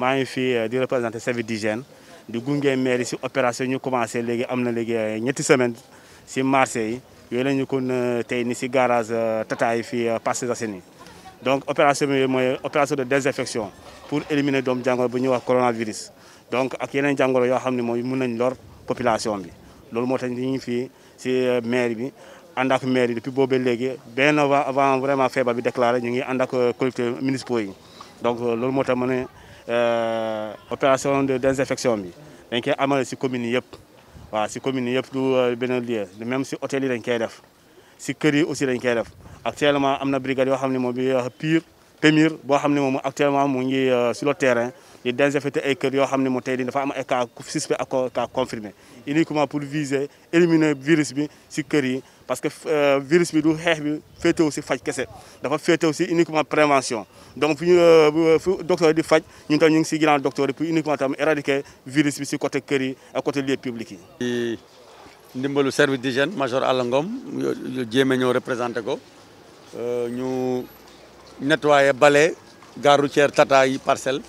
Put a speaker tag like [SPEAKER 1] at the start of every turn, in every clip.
[SPEAKER 1] maa ngi fii euh, di représenté service d'hygiène di gunge maire si opération ñu commencé léegi am na euh, ñetti semaine si marché yi yooyu la ñu kon ni si garage euh, Tata yi fii Parcelles Assainies donc opération bi opération de désinfection pour éliminer doomu jàngoro bu ñuy wax coronavirus donc ak yeneen jàngoro yoo xam ne mooy mun nañ lor population bi loolu moo tax ñu ngi fii si maire bi ànd ak maire depuis boobu léegi benn avant vraiment feebar bi déclaré ñu ngi ànd ak collecteurs municipaux yi donc loolu moo tax ma euh, opération de désinfection bi dañ koy amal si communes yëpp waaw si communes yëpp du euh, benn lieu même si hôtel yi dañ koy def si kër yi aussi dañ koy def actuellement am na brigade yoo xam ne bi euh, pire pémir boo xam ne actuellement mu ngi sur le terrain di désinfecter ay kër yoo xam ne moom tey di dafa am ay cas suspect ak cas confirmé uniquement pour viser éliminer virus bi si kër yi parce que euh, virus bi du xex bi féetewu si faj uniquement dafa fété uniquement prévention donc le euh, euh, docteur di faj ñun tam ñu ngi si grand docteur pour uniquement tam éradiquer virus bi ci côté kër yi côté lieu publics
[SPEAKER 2] yi. ndimbalu service d'hygiène major Alla Ngom jéme a représenter représenté ko ñu nettoyer bale gare routière tata yi parcelle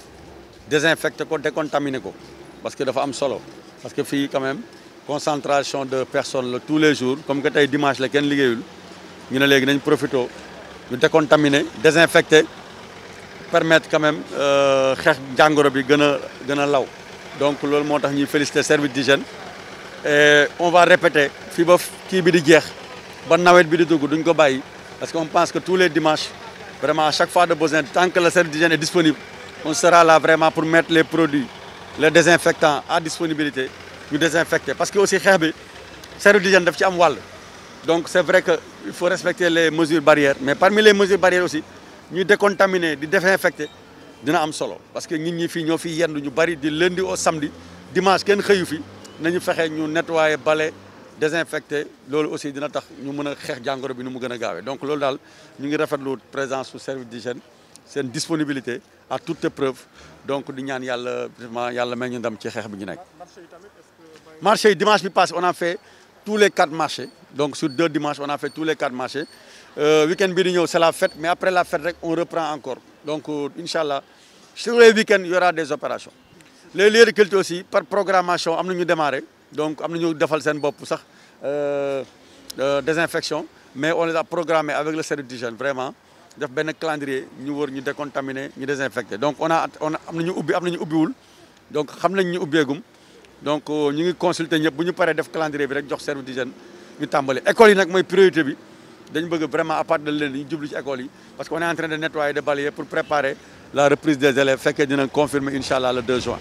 [SPEAKER 2] désinfecter ko décontaminer ko parce que dafa am solo parce que fi quand même concentration de personnes tous les jours comme que le dimanche la kenn liggéeyul ñu ne décontaminer désinfecter permettre quand même de euh, faire bi bien là. donc nous vous remercie service d'hygiène et on va répéter si vous parce qu'on pense que tous les dimanches vraiment à chaque fois de besoin tant que le service d'hygiène est disponible on sera là vraiment pour mettre les produits les désinfectants à disponibilité nous désinfectons, parce que aussi donc c'est vrai qu'il faut respecter les mesures barrières mais parmi les mesures barrières aussi nous décontaminer nous désinfecter, dina solo parce que nous ñi nous lundi au samedi dimanche nous nous nettoyer nous désinfecter Nous aussi dina tax ñu nous Nous donc nous nous ngi présence service d'hygiène une disponibilité à toute épreuve donc nous avons Marché, dimanche qui passe, on a fait tous les quatre marchés. Donc sur deux dimanches, on a fait tous les quatre marchés. Le euh, week-end c'est la fête, mais après la fête, on reprend encore. Donc, euh, Inch'Allah, sur les week-ends, il y aura des opérations. Les lieux de culte aussi, par programmation, on a démarré. Donc, on a fait une euh, euh, désinfection, mais on les a programmées avec le service vraiment. a fait un calendrier, on a décontaminé, a désinfecté. Donc, on a, on a, nous avons on donc nous avons donc euh, ñu ngi consulter ñëpp bu ñu paree def calendrier bi rek jox service d'hygiène ñu tàmbali école yi nag mooy priorité bi dañu bëgg vraiment à part de leen ñu jublu ci école yi parce que on est en train de nettoyer de balayer pour préparer la reprise des élèves fekkee dinañ confirmer incha allah le juin